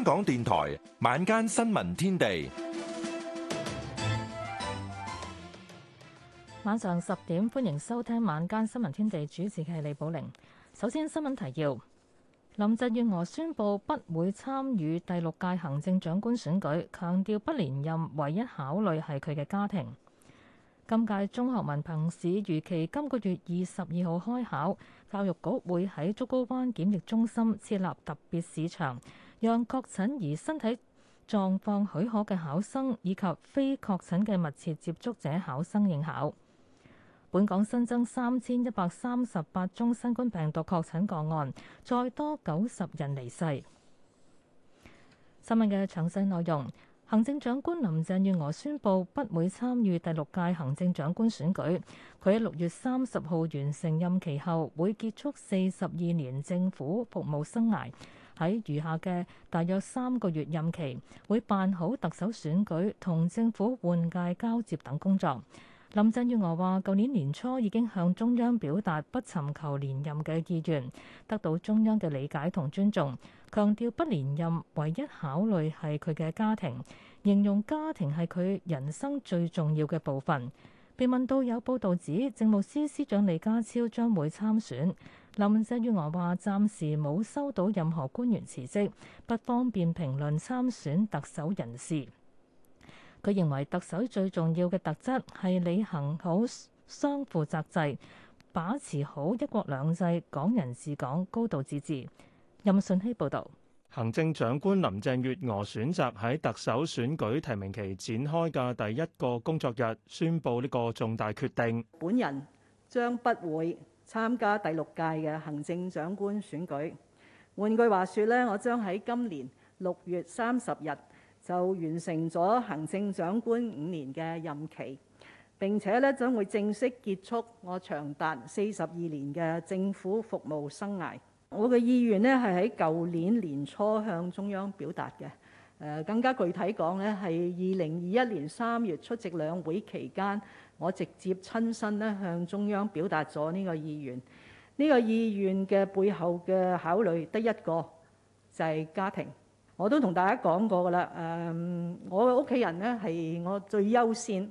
香港電台晚間新聞天地，晚上十點。歡迎收聽晚間新聞天地，主持嘅係李寶玲。首先，新聞提要：林鄭月娥宣布不會參與第六屆行政長官選舉，強調不連任唯一考慮係佢嘅家庭。今屆中學文憑試預期今個月二十二號開考，教育局會喺竹篙灣檢疫中心設立特別試場。讓確診而身體狀況許可嘅考生，以及非確診嘅密切接觸者考生應考。本港新增三千一百三十八宗新冠病毒確診個案，再多九十人離世。新聞嘅詳細內容，行政長官林鄭月娥宣布不會參與第六屆行政長官選舉。佢喺六月三十號完成任期後，會結束四十二年政府服務生涯。喺餘下嘅大約三個月任期，會辦好特首選舉同政府換屆交接等工作。林鄭月娥話，舊年年初已經向中央表達不尋求連任嘅意願，得到中央嘅理解同尊重。強調不連任唯一考慮係佢嘅家庭，形容家庭係佢人生最重要嘅部分。被問到有報道指，政務司司長李家超將會參選。林鄭月娥話：暫時冇收到任何官員辭職，不方便評論參選特首人士。佢認為特首最重要嘅特質係履行好雙負責制，把持好一國兩制、港人治港、高度自治。任信希報導。行政長官林鄭月娥選擇喺特首選舉提名期展開嘅第一個工作日，宣布呢個重大決定。本人將不會參加第六屆嘅行政長官選舉。換句話說咧，我將喺今年六月三十日就完成咗行政長官五年嘅任期，並且咧將會正式結束我長達四十二年嘅政府服務生涯。我嘅意願呢係喺舊年年初向中央表達嘅。誒，更加具體講呢，係二零二一年三月出席兩會期間，我直接親身咧，向中央表達咗呢個意願。呢、這個意願嘅背後嘅考慮得一個就係、是、家庭。我都同大家講過噶啦，誒、嗯、我嘅屋企人呢係我最優先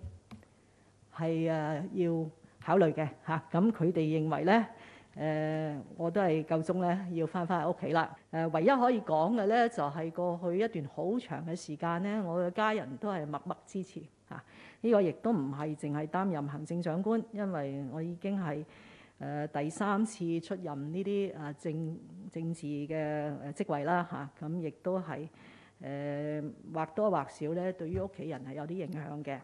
係誒要考慮嘅嚇。咁佢哋認為呢。誒、呃，我都係夠鐘咧，要翻返去屋企啦。誒、呃，唯一可以講嘅咧，就係、是、過去一段好長嘅時間咧，我嘅家人都係默默支持嚇。呢、啊這個亦都唔係淨係擔任行政長官，因為我已經係誒、呃、第三次出任呢啲誒政政治嘅職位啦嚇。咁、啊、亦、啊、都係誒、呃、或多或少咧，對於屋企人係有啲影響嘅。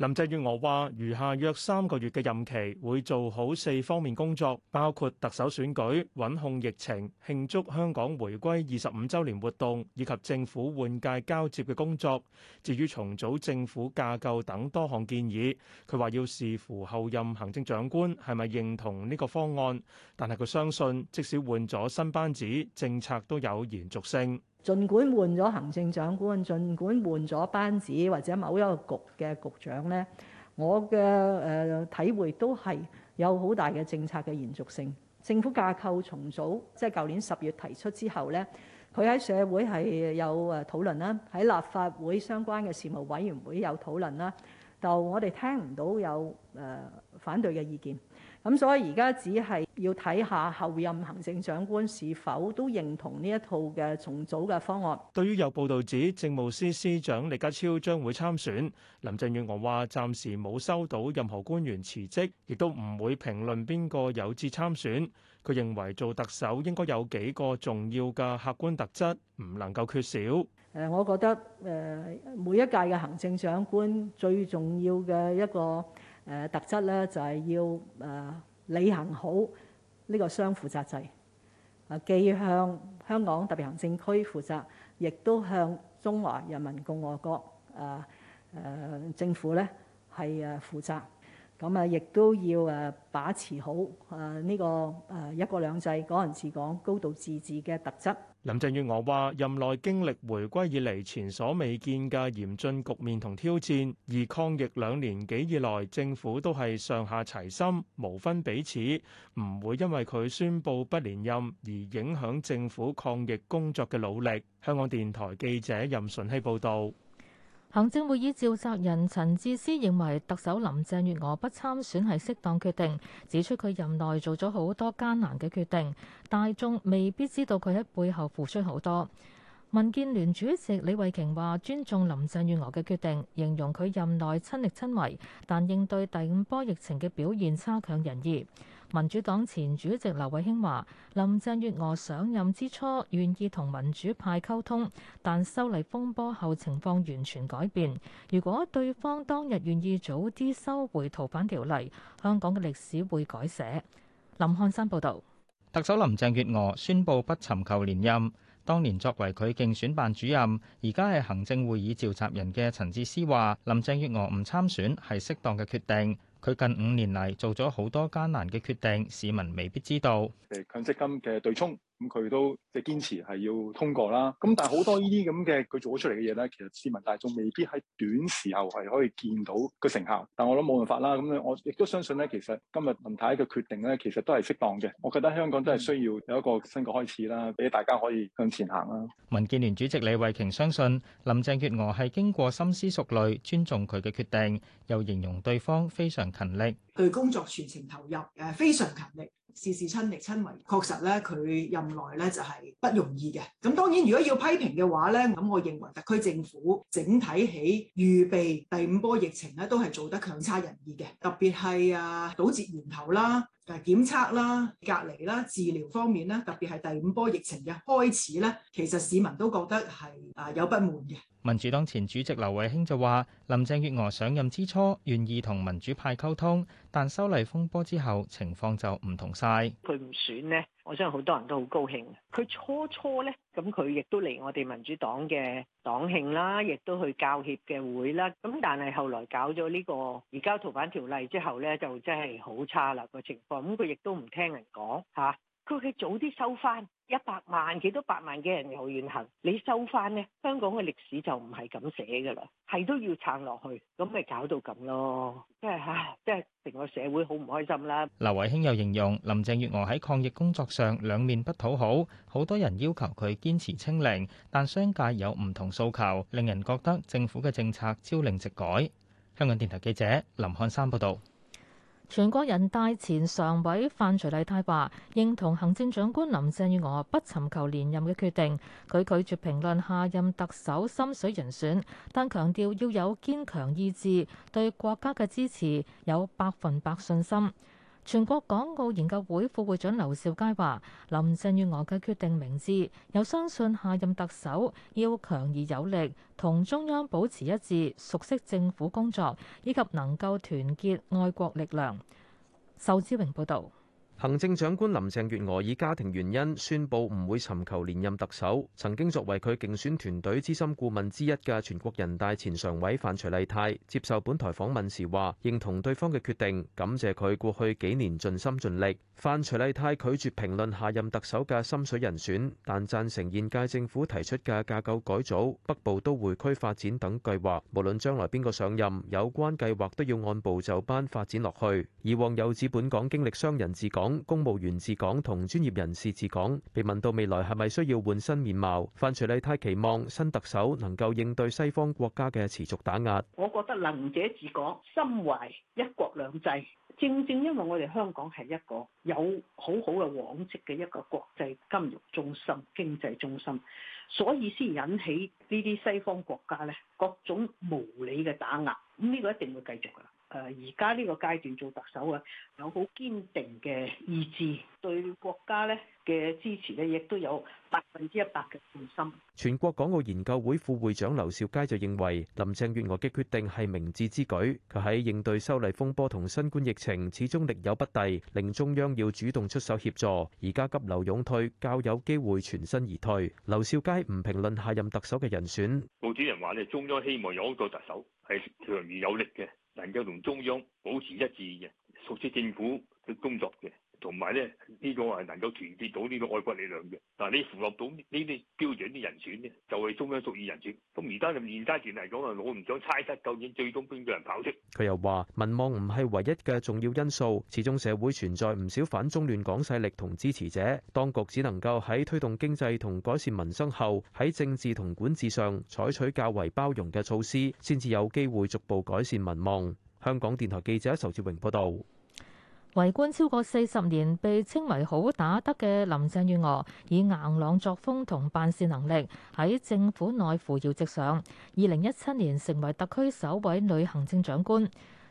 林鄭月娥話，餘下約三個月嘅任期，會做好四方面工作，包括特首選舉、穩控疫情、慶祝香港回歸二十五周年活動以及政府換屆交接嘅工作。至於重組政府架構等多項建議，佢話要視乎候任行政長官係咪認同呢個方案，但係，佢相信，即使換咗新班子，政策都有延續性。儘管換咗行政長官，儘管換咗班子或者某一個局嘅局長呢，我嘅誒體會都係有好大嘅政策嘅延續性。政府架構重組，即係舊年十月提出之後呢，佢喺社會係有誒討論啦，喺立法會相關嘅事務委員會有討論啦，就我哋聽唔到有誒反對嘅意見。咁所以而家只係要睇下候任行政長官是否都認同呢一套嘅重組嘅方案。對於有報道指政務司司長李家超將會參選，林鄭月娥話暫時冇收到任何官員辭職，亦都唔會評論邊個有志參選，佢認為做特首應該有幾個重要嘅客觀特質唔能夠缺少。誒，我覺得誒每一屆嘅行政長官最重要嘅一個。誒特質咧就係、是、要誒履、啊、行好呢個雙負責制，誒、啊、既向香港特別行政區負責，亦都向中華人民共和國誒誒、啊啊、政府咧係誒負責。咁啊，亦都要誒把持好誒呢個誒一國兩制、港人治港、高度自治嘅特質，林鄭月娥話任內經歷回歸以嚟前所未見嘅嚴峻局面同挑戰，而抗疫兩年幾以來政府都係上下齊心，無分彼此，唔會因為，佢宣布不連任而影響政府抗疫工作嘅努力。香港電台記者任順希報道。行政會議召集人陳智思認為，特首林鄭月娥不參選係適當決定，指出佢任內做咗好多艱難嘅決定，大眾未必知道佢喺背後付出好多。民建聯主席李慧瓊話：尊重林鄭月娥嘅決定，形容佢任內親力親為，但應對第五波疫情嘅表現差強人意。民主黨前主席劉慧卿話：林鄭月娥上任之初願意同民主派溝通，但修例風波後情況完全改變。如果對方當日願意早啲收回逃犯條例，香港嘅歷史會改寫。林漢山報導。特首林鄭月娥宣布不尋求連任。當年作為佢競選辦主任，而家係行政會議召集人嘅陳智思話：林鄭月娥唔參選係適當嘅決定。佢近五年嚟做咗好多艱難嘅決定，市民未必知道。誒，強積金嘅對沖。咁佢都即係堅持係要通過啦。咁但係好多呢啲咁嘅佢做出嚟嘅嘢咧，其實市民大眾未必喺短時候係可以見到個成效。但我諗冇辦法啦。咁我亦都相信咧，其實今日林太嘅決定咧，其實都係適當嘅。我覺得香港都係需要有一個新嘅開始啦，俾大家可以向前行啦。民建聯主席李慧瓊相信林鄭月娥係經過深思熟慮，尊重佢嘅決定，又形容對方非常勤力，對工作全程投入，誒，非常勤力。事事親力親為，確實咧，佢任內咧就係不容易嘅。咁當然，如果要批評嘅話咧，咁我認為特區政府整體喺預備第五波疫情咧都係做得強差人意嘅，特別係啊堵截源頭啦。誒檢測啦、隔離啦、治療方面啦，特別係第五波疫情嘅開始咧，其實市民都覺得係啊有不滿嘅。民主黨前主席劉慧卿就話：林鄭月娥上任之初願意同民主派溝通，但修例風波之後，情況就唔同晒。佢唔選呢。我相信好多人都好高興，佢初初呢，咁佢亦都嚟我哋民主黨嘅黨慶啦，亦都去教協嘅會啦，咁但係後來搞咗呢、這個移交逃犯條例之後呢，就真係好差啦、那個情況，咁佢亦都唔聽人講吓，佢、啊、佢早啲收翻。一百萬幾多百萬嘅人又遠行，你收翻咧，香港嘅歷史就唔係咁寫噶啦，係都要撐落去，咁咪搞到咁咯，即係嚇，即係成個社會好唔開心啦。劉慧卿又形容林鄭月娥喺抗疫工作上兩面不討好，好多人要求佢堅持清零，但商界有唔同訴求，令人覺得政府嘅政策朝令夕改。香港電台記者林漢山報道。全國人大前常委范徐麗泰話：認同行政長官林鄭月娥不尋求連任嘅決定。佢拒絕評論下任特首心水人選，但強調要有堅強意志，對國家嘅支持有百分百信心。全國港澳研究會副會長劉兆佳話，林鄭月娥嘅決定明智，又相信下任特首要強而有力，同中央保持一致，熟悉政府工作，以及能夠團結愛國力量。壽志榮報道。行政長官林鄭月娥以家庭原因宣布唔會尋求連任特首。曾經作為佢競選團隊資深顧問之一嘅全國人大前常委范徐麗泰接受本台訪問時話，認同對方嘅決定，感謝佢過去幾年盡心盡力。范徐麗泰拒絕評論下任特首嘅心水人選，但贊成現屆政府提出嘅架構改組、北部都會區發展等計劃。無論將來邊個上任，有關計劃都要按部就班發展落去。以往有指本港經歷商人治港、公務員治港同專業人士治港，被問到未來係咪需要換新面貌？范徐麗泰期望新特首能夠應對西方國家嘅持續打壓。我覺得能者治港，心懷一國兩制。正正因為我哋香港係一個有好好嘅往績嘅一個國際金融中心、經濟中心，所以先引起呢啲西方國家呢各種無理嘅打壓。咁呢個一定會繼續噶。誒而家呢個階段做特首啊，有好堅定嘅意志，對國家咧嘅支持咧，亦都有百分之一百嘅信心。全國港澳研究會副會長劉兆佳就認為，林鄭月娥嘅決定係明智之舉。佢喺應對修例風波同新冠疫情，始終力有不逮，令中央要主動出手協助。而家急流勇退，較有機會全身而退。劉兆佳唔評論下任特首嘅人選。毛主席話咧，中央希望有一個特首係強而有力嘅。能夠同中央保持一致嘅、熟悉政府嘅工作嘅，同埋咧。呢個係能夠團結到呢個愛國力量嘅，但係，你符合到呢啲標準啲人選嘅，就係中央屬意人選。咁而家就現階段嚟講，我唔想猜測究竟最終邊個人跑出。佢又話：民望唔係唯一嘅重要因素，始終社會存在唔少反中亂港勢力同支持者，當局只能夠喺推動經濟同改善民生後，喺政治同管治上採取較為包容嘅措施，先至有機會逐步改善民望。香港電台記者仇志榮報道。為官超過四十年，被稱為好打得嘅林鄭月娥，以硬朗作風同辦事能力喺政府內扶搖直上。二零一七年成為特區首位女行政長官，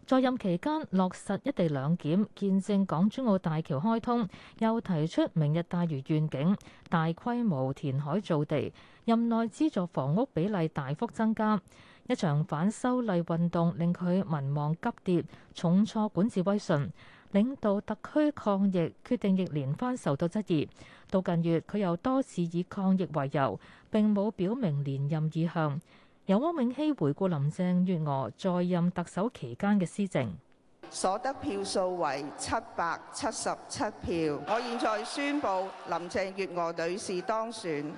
在任期間落實一地兩檢，見證港珠澳大橋開通，又提出明日大嶼願景，大規模填海造地。任內資助房屋比例大幅增加，一場反修例運動令佢民望急跌，重挫管治威信。領導特區抗疫決定亦連番受到質疑，到近月佢又多次以抗疫為由，並冇表明連任意向。由汪永熙回顧林鄭月娥在任特首期間嘅施政。所得票數為七百七十七票，我現在宣布林鄭月娥女士當選，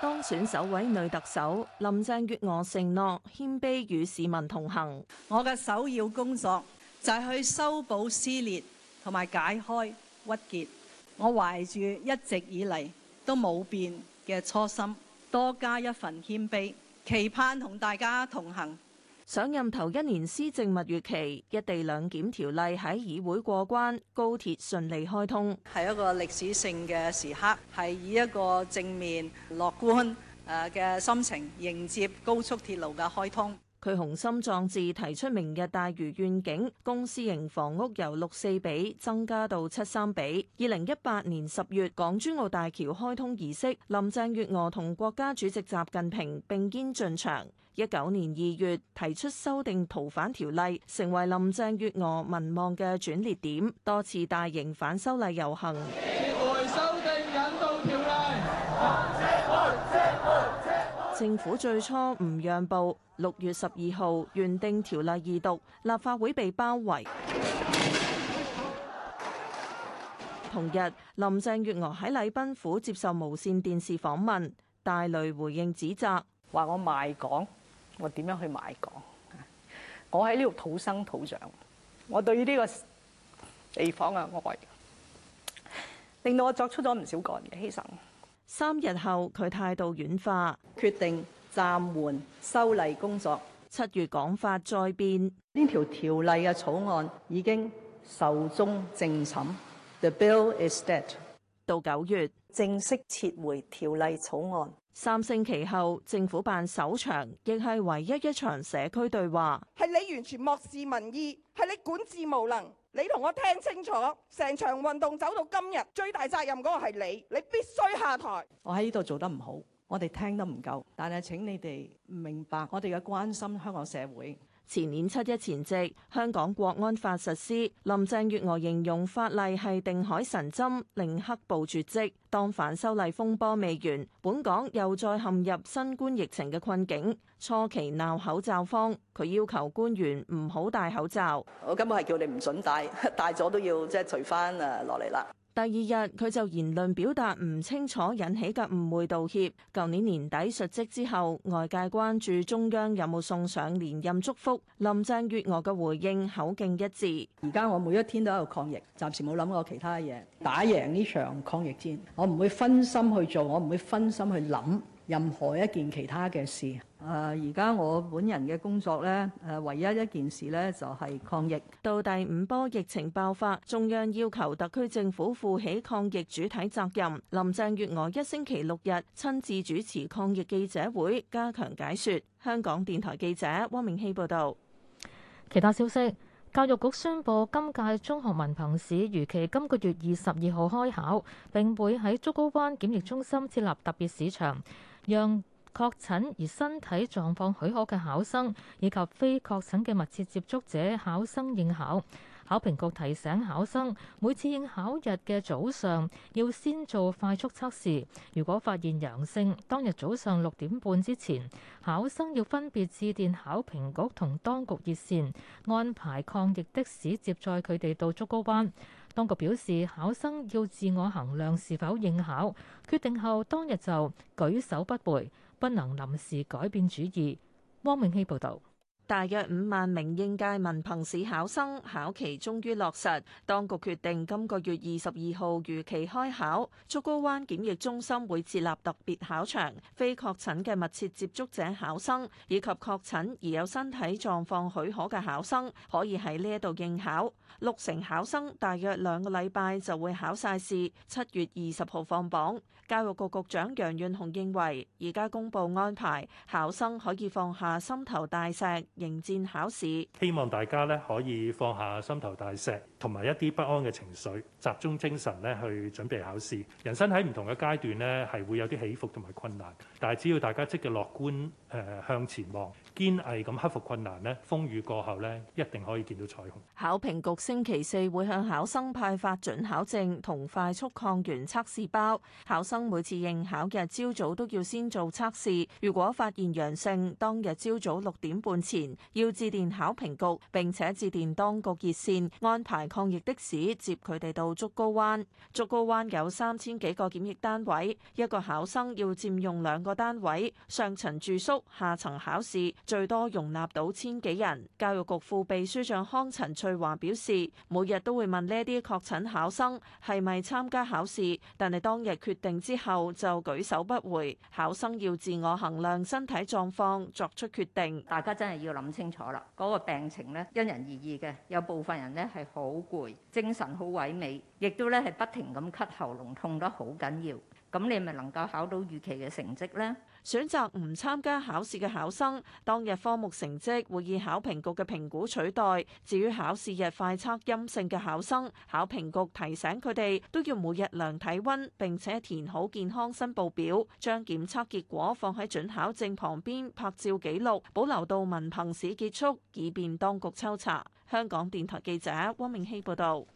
當選首位女特首。林鄭月娥承諾謙卑與市民同行，我嘅首要工作就係去修補撕裂同埋解開鬱結，我懷住一直以嚟都冇變嘅初心，多加一份謙卑，期盼同大家同行。上任頭一年施政蜜月期，一地兩檢條例喺議會過關，高鐵順利開通，係一個歷史性嘅時刻，係以一個正面、樂觀誒嘅心情迎接高速鐵路嘅開通。佢雄心壯志提出明日大嶼願景，公司型房屋由六四比增加到七三比。二零一八年十月，港珠澳大橋開通儀式，林鄭月娥同國家主席習近平並肩進場。一九年二月，提出修訂逃犯條例，成為林鄭月娥民望嘅轉捩點，多次大型反修例遊行。政府最初唔讓步，六月十二號原定條例二讀，立法會被包圍。 同日，林鄭月娥喺禮賓府接受無線電視訪問，大淚回應指責：話我賣港，我點樣去賣港？我喺呢度土生土長，我對於呢個地方嘅愛，令到我作出咗唔少個人嘅犧牲。三日後佢態度軟化，決定暫緩修例工作。七月講法再變，呢條條例嘅草案已經壽終正寢。The bill is dead 到。到九月正式撤回條例草案。三星期後政府辦首場，亦係唯一一場社區對話。係你完全漠視民意，係你管治無能。你同我聽清楚，成場運動走到今日，最大責任嗰個係你，你必須下台。我喺呢度做得唔好，我哋聽得唔夠，但係請你哋明白，我哋嘅關心香港社會。前年七一前夕，香港國安法實施，林鄭月娥形容法例係定海神針，令黑暴絕跡。當反修例風波未完，本港又再陷入新冠疫情嘅困境，初期鬧口罩荒，佢要求官員唔好戴口罩。我根本係叫你唔准戴，戴咗都要即係除翻啊落嚟啦。第二日佢就言論表達唔清楚，引起嘅誤會道歉。舊年年底述職之後，外界關注中央有冇送上連任祝福，林鄭月娥嘅回應口徑一致。而家我每一天都喺度抗疫，暫時冇諗過其他嘢。打贏呢場抗疫戰，我唔會分心去做，我唔會分心去諗任何一件其他嘅事。誒而家我本人嘅工作呢，誒唯一一件事呢，就係抗疫。到第五波疫情爆發，中央要求特區政府負起抗疫主體責任。林鄭月娥一星期六日親自主持抗疫記者會，加強解說。香港電台記者汪明熙報道。其他消息，教育局宣布今屆中學文憑試如期今個月二十二號開考，並會喺竹篙灣檢疫中心設立特別試場，讓確診而身體狀況許可嘅考生，以及非確診嘅密切接觸者考生應考。考評局提醒考生，每次應考日嘅早上要先做快速測試。如果發現陽性，當日早上六點半之前，考生要分別致電考評局同當局熱線，安排抗疫的士接載佢哋到竹篙灣。當局表示，考生要自我衡量是否應考，決定後當日就舉手不回。不能臨時改變主意。汪永熙報道。大約五萬名應屆文憑試考生考期終於落實，當局決定今個月二十二號如期開考。竹篙灣檢疫中心會設立特別考場，非確診嘅密切接觸者考生以及確診而有身體狀況許可嘅考生，可以喺呢一度應考。六成考生大約兩個禮拜就會考晒試，七月二十號放榜。教育局局長楊潤雄認為，而家公布安排，考生可以放下心頭大石。迎戰考試，希望大家咧可以放下心頭大石，同埋一啲不安嘅情緒，集中精神咧去準備考試。人生喺唔同嘅階段咧，係會有啲起伏同埋困難，但係只要大家積極樂觀，誒、呃、向前望。堅毅咁克服困難呢，風雨過後呢，一定可以見到彩虹。考評局星期四會向考生派發準考證同快速抗原測試包。考生每次應考嘅朝早都要先做測試，如果發現陽性，當日朝早六點半前要致電考評局，並且致電當局熱線安排抗疫的士接佢哋到竹篙灣。竹篙灣有三千幾個檢疫單位，一個考生要佔用兩個單位，上層住宿，下層考試。最多容納到千幾人。教育局副秘書長康陳翠華表示，每日都會問呢啲確診考生係咪參加考試，但係當日決定之後就舉手不回。考生要自我衡量身體狀況作出決定。大家真係要諗清楚啦，嗰個病情咧因人而異嘅，有部分人咧係好攰，精神好萎靡，亦都咧係不停咁咳，喉嚨痛，痛得好緊要。咁你咪能夠考到預期嘅成績咧？選擇唔參加考試嘅考生，當日科目成績會以考評局嘅評估取代。至於考試日快測陰性嘅考生，考評局提醒佢哋都要每日量體温，並且填好健康申報表，將檢測結果放喺準考證旁邊拍照記錄，保留到文憑試結束，以便當局抽查。香港電台記者汪明熙報道。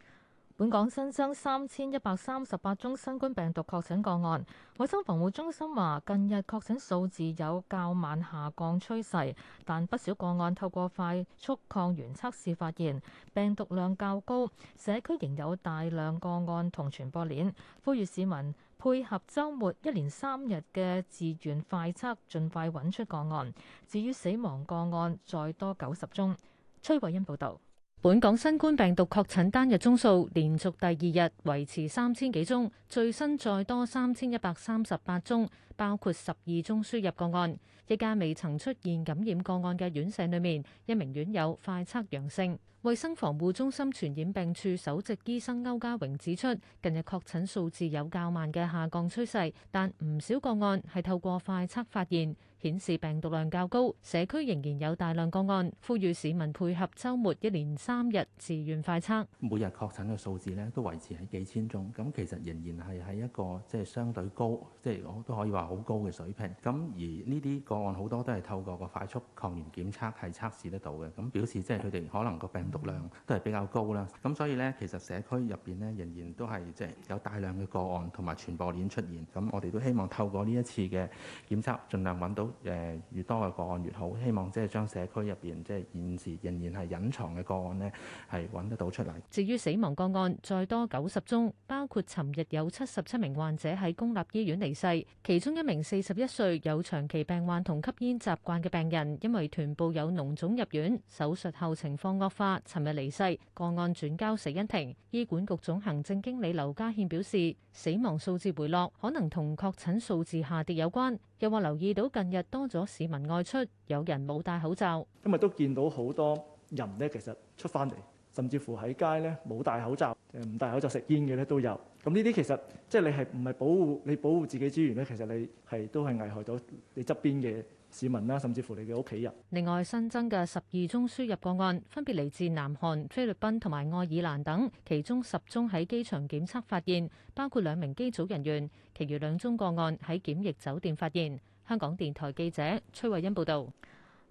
本港新增三千一百三十八宗新冠病毒確診個案，衛生防護中心話，近日確診數字有較慢下降趨勢，但不少個案透過快速抗原測試發現病毒量較高，社區仍有大量個案同傳播鏈，呼籲市民配合周末一連三日嘅自願快測盡快揾出個案。至於死亡個案再多九十宗，崔慧欣報道。本港新冠病毒確診單日宗數連續第二日維持三千幾宗，最新再多三千一百三十八宗，包括十二宗輸入個案。一家未曾出現感染個案嘅院舍裏面，一名院友快測陽性。衛生防護中心傳染病處首席醫生歐家榮指出，近日確診數字有較慢嘅下降趨勢，但唔少個案係透過快測發現。顯示病毒量較高，社區仍然有大量個案，呼籲市民配合週末一連三日自願快測。每日確診嘅數字呢都維持喺幾千宗，咁其實仍然係喺一個即係相對高，即係我都可以話好高嘅水平。咁而呢啲個案好多都係透過個快速抗原檢測係測試得到嘅，咁表示即係佢哋可能個病毒量都係比較高啦。咁所以呢，其實社區入邊呢，仍然都係即係有大量嘅個案同埋傳播鏈出現。咁我哋都希望透過呢一次嘅檢測，盡量揾到，誒越多嘅個案越好，希望即係將社區入邊即係現時仍然係隱藏嘅個案呢，係揾得到出嚟。至於死亡個案再多九十宗，包括尋日有七十七名患者喺公立醫院離世，其中一名四十一歲有長期病患同吸煙習慣嘅病人，因為臀部有膿腫入院，手術後情況惡化，尋日離世。個案轉交死因庭。醫管局總行政經理劉家憲表示，死亡數字回落，可能同確診數字下跌有關。又話留意到近日多咗市民外出，有人冇戴口罩。今日都見到好多人咧，其實出翻嚟，甚至乎喺街咧冇戴口罩，誒、呃、唔戴口罩食煙嘅咧都有。咁呢啲其實即係你係唔係保護你保護自己資源咧？其實你係都係危害到你側邊嘅。市民啦，甚至乎你嘅屋企人。另外新增嘅十二宗輸入個案，分別嚟自南韓、菲律賓同埋愛爾蘭等，其中十宗喺機場檢測發現，包括兩名機組人員，其餘兩宗個案喺檢疫酒店發現。香港電台記者崔慧欣報道。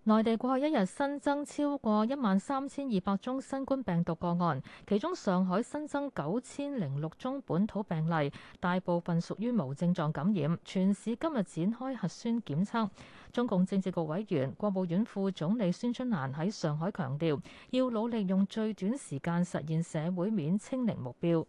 內地過去一日新增超過一萬三千二百宗新冠病毒個案，其中上海新增九千零六宗本土病例，大部分屬於無症狀感染。全市今日展開核酸檢測。中共政治局委員、國務院副總理孫春蘭喺上海強調，要努力用最短時間實現社會面清零目標。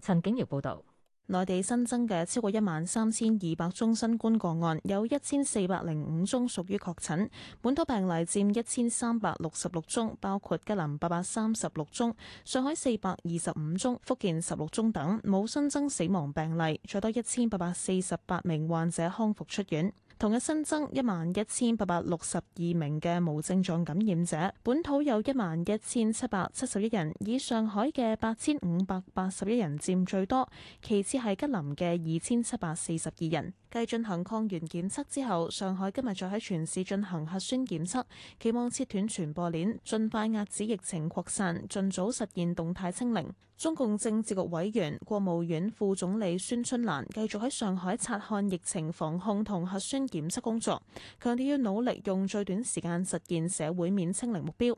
陳景瑤報道。內地新增嘅超過一萬三千二百宗新冠個案，有一千四百零五宗屬於確診，本土病例佔一千三百六十六宗，包括吉林八百三十六宗、上海四百二十五宗、福建十六宗等，冇新增死亡病例，再多一千八百四十八名患者康復出院。同日新增一萬一千八百六十二名嘅無症狀感染者，本土有一萬一千七百七十一人，以上海嘅八千五百八十一人占最多，其次係吉林嘅二千七百四十二人。繼進行抗原檢測之後，上海今日再喺全市進行核酸檢測，期望切斷傳播鏈，盡快遏止疫情擴散，盡早實現動態清零。中共政治局委員、國務院副總理孫春蘭繼續喺上海察看疫情防控同核酸檢測工作，強調要努力用最短時間實現社會面清零目標。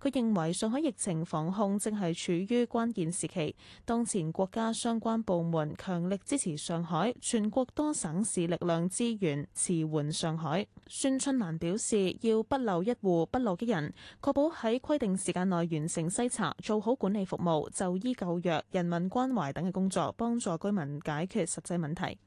佢認為上海疫情防控正係處於關鍵時期，當前國家相關部門強力支持上海，全國多省市。是力量資源馳援上海。孫春蘭表示，要不留一戶、不漏一人，確保喺規定時間內完成篩查，做好管理服務，就醫救藥，人民關懷等嘅工作，幫助居民解決實際問題。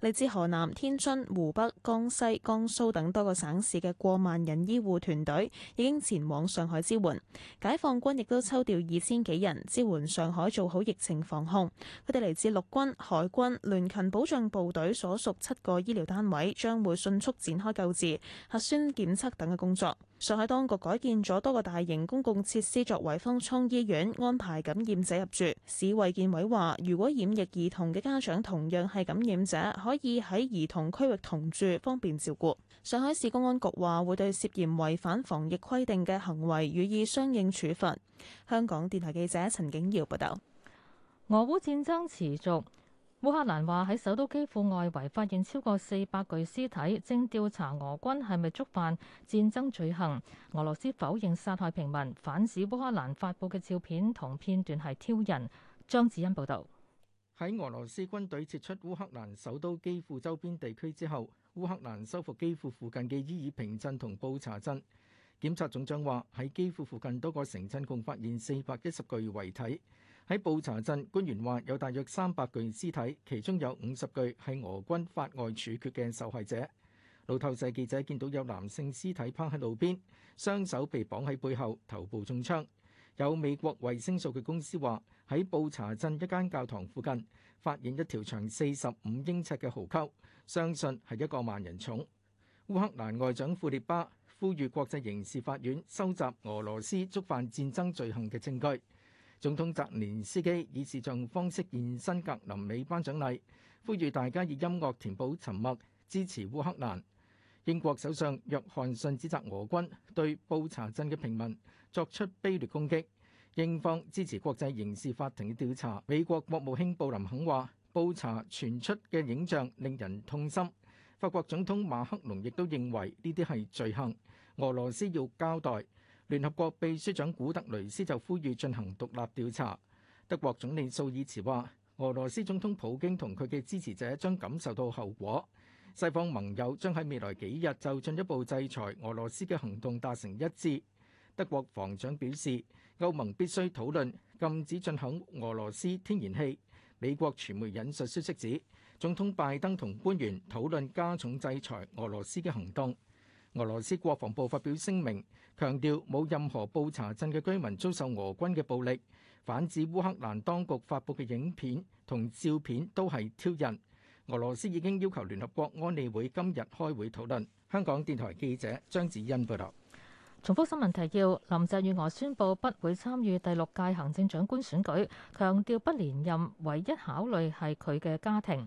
嚟自河南、天津、湖北、江西、江蘇等多個省市嘅過萬人醫護團隊已經前往上海支援，解放軍亦都抽調二千幾人支援上海做好疫情防控。佢哋嚟自陸軍、海軍、聯勤保障部隊所屬七個醫療單位，將會迅速展開救治、核酸檢測等嘅工作。上海當局改建咗多個大型公共設施作為方艙醫院，安排感染者入住。市衛健委話，如果染疫兒童嘅家長同樣係感染者，可以喺兒童區域同住，方便照顧。上海市公安局話，會對涉嫌違反防疫規定嘅行為予以相應處罰。香港電台記者陳景耀報道。俄烏戰爭持續。烏克蘭話喺首都基輔外圍發現超過四百具屍體，正調查俄軍係咪觸犯戰爭罪行。俄羅斯否認殺害平民，反使烏克蘭發布嘅照片同片段係挑釁。張子欣報導。喺俄羅斯軍隊撤出烏克蘭首都基輔周邊地區之後，烏克蘭收復基輔附近嘅伊爾平鎮同布查鎮。檢察總長話喺基輔附近多個城鎮共發現四百一十具遺體。喺布查鎮，官員話有大約三百具屍體，其中有五十具係俄軍法外處決嘅受害者。路透社記者見到有男性屍體趴喺路邊，雙手被綁喺背後，頭部中槍。有美國衛星數據公司話喺布查鎮一間教堂附近發現一條長四十五英尺嘅壕溝，相信係一個萬人冢。烏克蘭外長庫列巴呼籲國際刑事法院收集俄羅斯觸犯戰爭罪行嘅證據。總統澤連斯基以視像方式現身格林美頒獎禮，呼籲大家以音樂填補沉默，支持烏克蘭。英國首相約翰遜指責俄軍對布查鎮嘅平民作出卑劣攻擊，英方支持國際刑事法庭嘅調查。美國國務卿布林肯話：布查傳出嘅影像令人痛心。法國總統馬克龍亦都認為呢啲係罪行，俄羅斯要交代。聯合國秘書長古特雷斯就呼籲進行獨立調查。德國總理朔爾茨話：俄羅斯總統普京同佢嘅支持者將感受到後果。西方盟友將喺未來幾日就進一步制裁俄羅斯嘅行動達成一致。德國防長表示，歐盟必須討論禁止進口俄羅斯天然氣。美國傳媒引述消息指，總統拜登同官員討論加重制裁俄羅斯嘅行動。俄羅斯國防部發表聲明，強調冇任何布查鎮嘅居民遭受俄軍嘅暴力，反指烏克蘭當局發布嘅影片同照片都係挑釁。俄羅斯已經要求聯合國安理會今日開會討論。香港電台記者張子欣報道。重複新聞提要：林鄭月娥宣布不會參與第六屆行政長官選舉，強調不連任，唯一考慮係佢嘅家庭。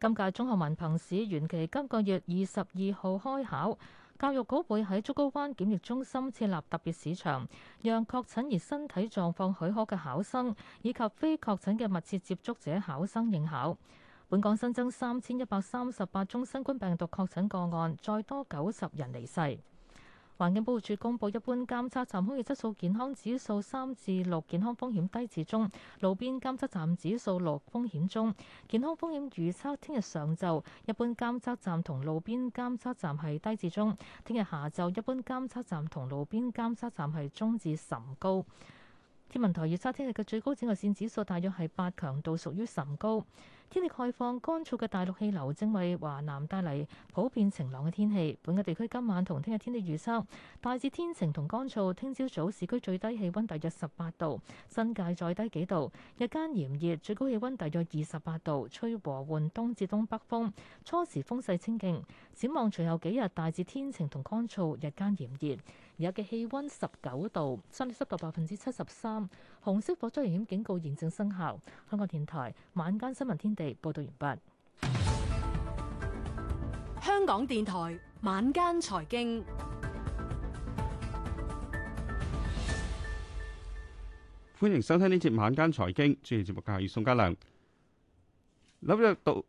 今屆中學文憑試延期，今個月二十二號開考。教育局會喺竹篙灣檢疫中心設立特別試場，讓確診而身體狀況許可嘅考生，以及非確診嘅密切接觸者考生應考。本港新增三千一百三十八宗新冠病毒確診個案，再多九十人離世。環境保護署公布一般監測站空氣質素健康指數三至六，健康風險低至中；路邊監測站指數六，風險中。健康風險預測天：聽日上晝一般監測站同路邊監測站係低至中；聽日下晝一般監測站同路邊監測站係中至甚高。天文台預測聽日嘅最高紫外線指數大約係八，強度屬於甚高。天氣概況，乾燥嘅大陸氣流正為華南帶嚟普遍晴朗嘅天氣。本港地區今晚同聽日天氣預測：大致天晴同乾燥。聽朝早市區最低氣温大約十八度，新界再低幾度。日間炎熱，最高氣温大約二十八度，吹和緩東至東北風，初時風勢清勁。展望隨後幾日，大致天晴同乾燥，日間炎熱。而家嘅氣温十九度，相對濕度百分之七十三。紅色火災危險警告現正生效。香港電台晚間新聞天地報道完畢。香港電台晚間財經，歡迎收聽呢節晚間財經，間財經主持節目，嘅係宋家良。紐約道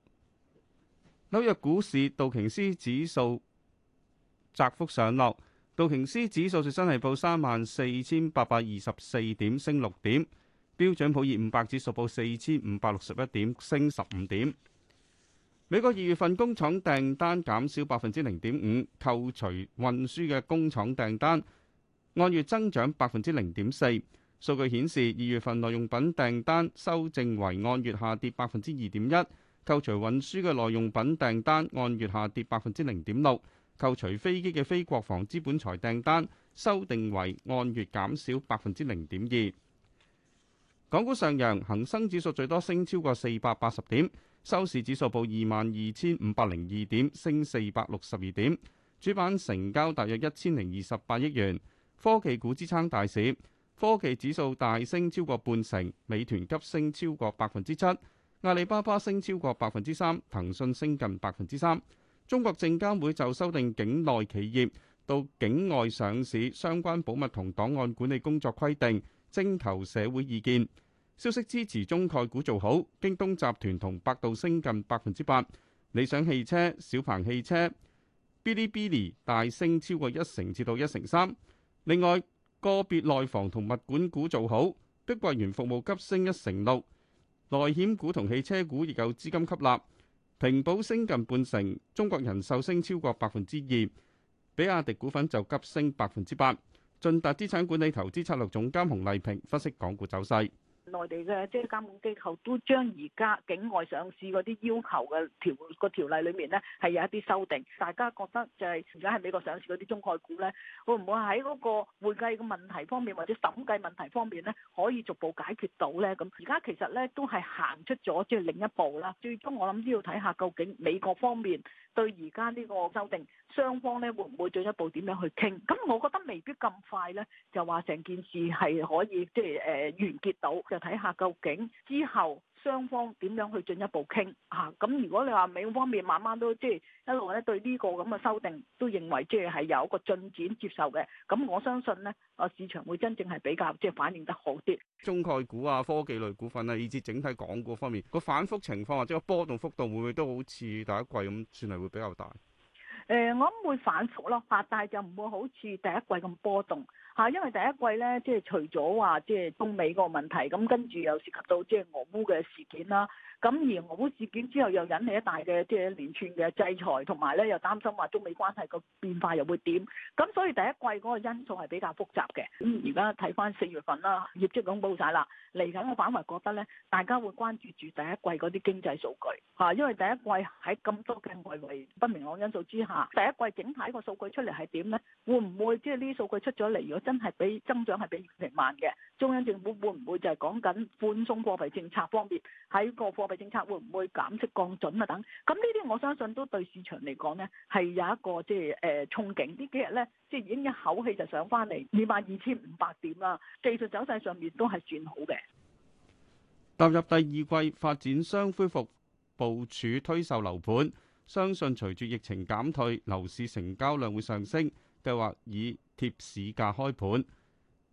紐約股市道瓊斯指數窄幅上落。道瓊斯指數最新係報三萬四千八百二十四點，升六點；標準普爾五百指數報四千五百六十一點，升十五點。美國二月份工廠訂單減少百分之零點五，扣除運輸嘅工廠訂單按月增長百分之零點四。數據顯示，二月份耐用品訂單修正為按月下跌百分之二點一，扣除運輸嘅耐用品訂單按月下跌百分之零點六。扣除飛機嘅非國防資本財訂單，修訂為按月減少百分之零點二。港股上揚，恒生指數最多升超過四百八十點，收市指數報二萬二千五百零二點，升四百六十二點。主板成交大約一千零二十八億元。科技股支撐大市，科技指數大升超過半成，美團急升超過百分之七，阿里巴巴升超過百分之三，騰訊升近百分之三。中國證監會就修訂境內企業到境外上市相關保密同檔案管理工作規定，徵求社會意見。消息支持中概股做好，京東集團同百度升近百分之八，理想汽車、小鵬汽車、Bilibili 大升超過一成至到一成三。另外，個別內房同物管股做好，碧桂園服務急升一成六，內險股同汽車股亦有資金吸納。平保升近半成，中國人壽升超過百分之二，比亞迪股份就急升百分之八。駿達資產管理投資策略總監熊麗萍分析港股走勢。內地嘅即係監管機構都將而家境外上市嗰啲要求嘅條個條例裏面呢係有一啲修訂，大家覺得就係而家喺美國上市嗰啲中概股呢，會唔會喺嗰個會計嘅問題方面或者審計問題方面呢，可以逐步解決到呢？咁而家其實呢都係行出咗即係另一步啦。最終我諗都要睇下究竟美國方面對而家呢個修訂，雙方呢會唔會進一步點樣去傾？咁我覺得未必咁快呢，就話成件事係可以即係誒完結到嘅。睇下究竟之後雙方點樣去進一步傾嚇，咁、啊、如果你話美方面慢慢都即係一路咧對呢個咁嘅修訂都認為即係係有一個進展接受嘅，咁我相信咧，啊市場會真正係比較即係反應得好啲。中概股啊，科技類股份啊，以至整體港股方面個反覆情況或者個波動幅度會唔會都好似第一季咁算係會比較大？誒、呃，我諗會反覆咯嚇，但係就唔會好似第一季咁波動。嗯、啊，因為第一季咧，即係除咗話即係中美個問題，咁跟住又涉及到即係俄烏嘅事件啦。咁而俄烏事件之後又引起一大嘅即係一連串嘅制裁，同埋咧又擔心話中美關係個變化又會點。咁所以第一季嗰個因素係比較複雜嘅。嗯，而家睇翻四月份啦，業績噉報晒啦。嚟緊我反為覺得咧，大家會關注住第一季嗰啲經濟數據嚇，因為第一季喺咁多嘅外圍不明朗因素之下，第一季整體個數據出嚟係點咧？會唔會即係呢啲數據出咗嚟？如果真係比增長係比成萬嘅，中央政府會唔會就係講緊寬鬆貨幣政策方面，喺個貨幣政策會唔會減息降準啊？等咁呢啲，我相信都對市場嚟講呢，係有一個即係誒憧憬。呢幾日呢，即係已經一口氣就上返嚟二萬二千五百點啦。技術走勢上面都係算好嘅。踏入第二季，發展商恢復部署推售樓盤，相信隨住疫情減退，樓市成交量會上升，計劃以貼市價開盤。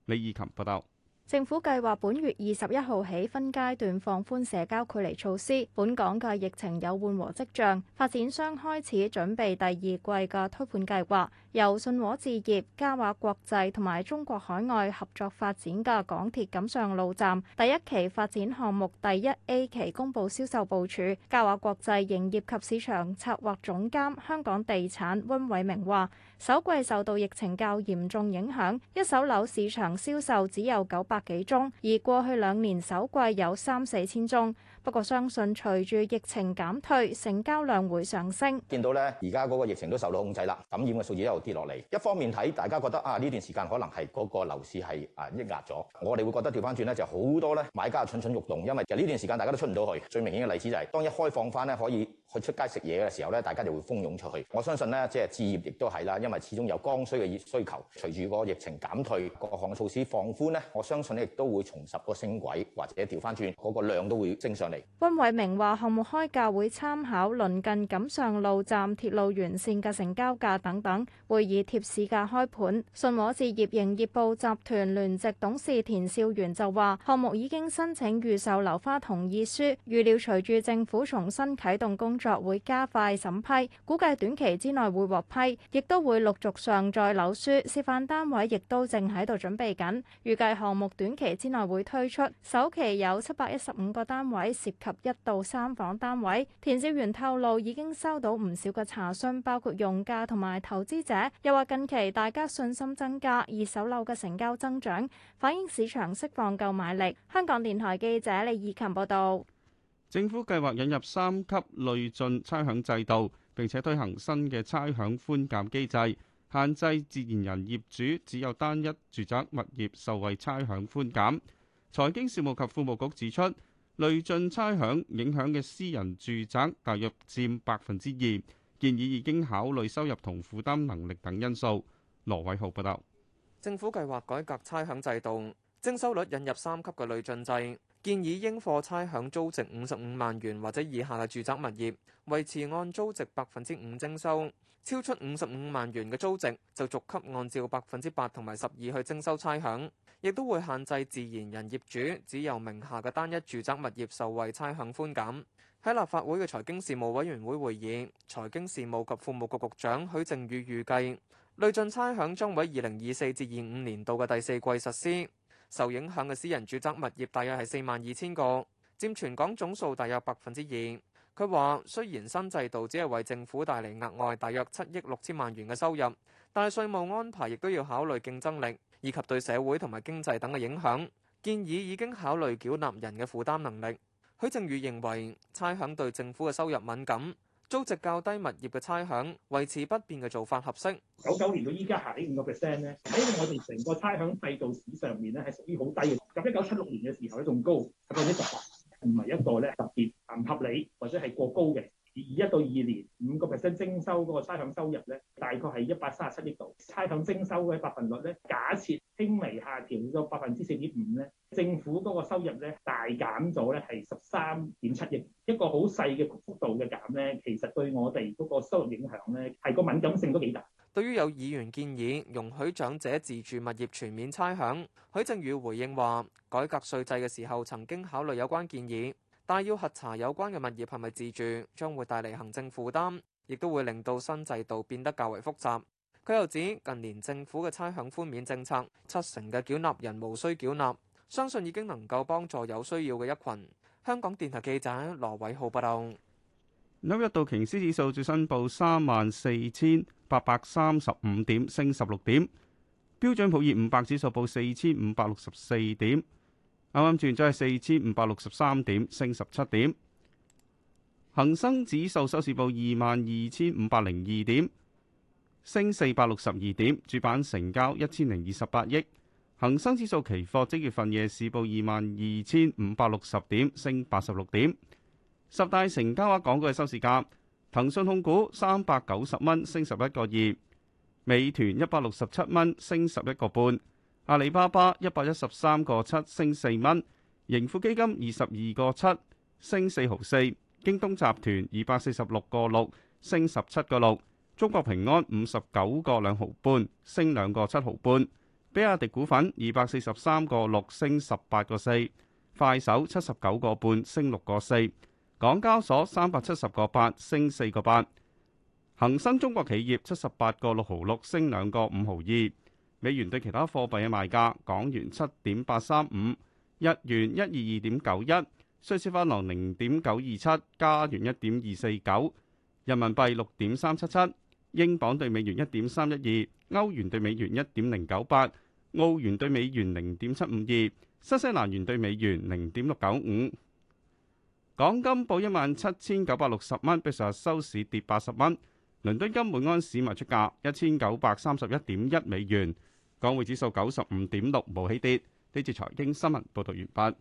李以琴報道，政府計劃本月二十一號起分階段放寬社交距離措施，本港嘅疫情有緩和跡象，發展商開始準備第二季嘅推盤計劃。由信和置業、嘉華國際同埋中國海外合作發展嘅港鐵錦上路站第一期發展項目第一 A 期公佈銷售部署。嘉華國際營業及市場策劃總監香港地產温偉明話：首季受到疫情較嚴重影響，一手樓市場銷售只有九百幾宗，而過去兩年首季有三四千宗。不過相信隨住疫情減退，成交量會上升。見到咧，而家嗰個疫情都受到控制啦，感染嘅數字一路跌落嚟。一方面睇，大家覺得啊，呢段時間可能係嗰個樓市係啊抑壓咗。我哋會覺得調翻轉咧，就好、是、多咧買家蠢蠢欲動，因為其實呢段時間大家都出唔到去。最明顯嘅例子就係、是、當一開放翻咧，可以，去出街食嘢嘅時候咧，大家就會蜂擁出去。我相信咧，即係置業亦都係啦，因為始終有剛需嘅熱需求。隨住個疫情減退，各項措施放寬咧，我相信咧亦都會重拾個升軌或者調翻轉嗰個量都會升上嚟。温偉明話：項目開價會參考鄰近錦上路站鐵路沿線嘅成交價等等，會以貼市價開盤。信和置業營業部集團聯席董事田兆源就話：項目已經申請預售樓花同意書，預料隨住政府重新啟動公作會加快審批，估計短期之內會獲批，亦都會陸續上載樓書。示範單位亦都正喺度準備緊，預計項目短期之內會推出，首期有七百一十五個單位，涉及一到三房單位。田少元透露已經收到唔少嘅查詢，包括用家同埋投資者，又話近期大家信心增加，二手樓嘅成交增長反映市場釋放購買力。香港電台記者李以琴報道。政府計劃引入三級累進差餉制度，並且推行新嘅差餉寬減機制，限制自然人業主只有單一住宅物業受惠差餉寬減。財經事務及庫務局指出，累進差餉影響嘅私人住宅大約佔百分之二，建議已經考慮收入同負擔能力等因素。羅偉浩報導。政府計劃改革差餉制度，徵收率引入三級嘅累進制。建議應課差餉租值五十五萬元或者以下嘅住宅物業，維持按租值百分之五徵收；超出五十五萬元嘅租值，就逐級按照百分之八同埋十二去徵收差餉。亦都會限制自然人業主只有名下嘅單一住宅物業受惠差餉寬減。喺立法會嘅財經事務委員會會議，財經事務及庫務局，局局長許正宇預計累進差餉將喺二零二四至二五年度嘅第四季實施。受影響嘅私人住宅物業大約係四萬二千個，佔全港總數大約百分之二。佢話：雖然新制度只係為政府帶嚟額外大約七億六千萬元嘅收入，但係稅務安排亦都要考慮競爭力以及對社會同埋經濟等嘅影響。建議已經考慮繳納人嘅負擔能力。許正宇認為差餉對政府嘅收入敏感。租值較低物業嘅差餉維持不變嘅做法合適。九九年到依家下呢五個 percent 咧，喺我哋成個差餉制度史上面咧，係屬於好低嘅，咁一九七六年嘅時候咧仲高，百分之十八，唔係一個咧特別唔合理或者係過高嘅。二一到二年，五個 percent 徵收嗰個差餉收入咧，大概係一百三十七億度。差餉徵收嘅百分率咧，假設輕微下調咗百分之四點五咧，政府嗰個收入咧大減咗咧係十三點七億，一個好細嘅幅度嘅減咧，其實對我哋嗰個收入影響咧係個敏感性都幾大。對於有議員建議容許長者自住物業全面差餉，許正宇回應話：改革稅制嘅時候曾經考慮有關建議。但要核查有關嘅物業係咪自住，將會帶嚟行政負擔，亦都會令到新制度變得較為複雜。佢又指近年政府嘅差餉寬免政策，七成嘅繳納人無需繳納，相信已經能夠幫助有需要嘅一群。香港電台記者羅偉浩報道。紐約道瓊斯指數最新報三萬四千八百三十五點，升十六點。標準普爾五百指數報四千五百六十四點。啱啱轉咗，係四千五百六十三點，升十七點。恒生指數收市報二萬二千五百零二點，升四百六十二點。主板成交一千零二十八億。恒生指數期貨即月份夜市報二萬二千五百六十點，升八十六點。十大成交額，港股嘅收市價，騰訊控股三百九十蚊，升十一個二；美團一百六十七蚊，升十一個半。阿里巴巴一百一十三個七升四蚊，盈富基金二十二個七升四毫四，京東集團二百四十六個六升十七個六，中國平安五十九個兩毫半升兩個七毫半，比亞迪股份二百四十三個六升十八個四，快手七十九個半升六個四，港交所三百七十個八升四個八，恒生中國企業七十八個六毫六升兩個五毫二。美元對其他貨幣嘅賣價：港元七點八三五，日元一二二點九一，瑞士法郎零點九二七，加元一點二四九，人民幣六點三七七，英鎊對美元一點三一二，歐元對美元一點零九八，澳元對美元零點七五二，新西蘭元對美元零點六九五。港金報一萬七千九百六十蚊，比上日收市跌八十蚊。倫敦金每安士賣出價一千九百三十一點一美元。港匯指數九十五點六，無起跌。呢次財經新聞報道完畢。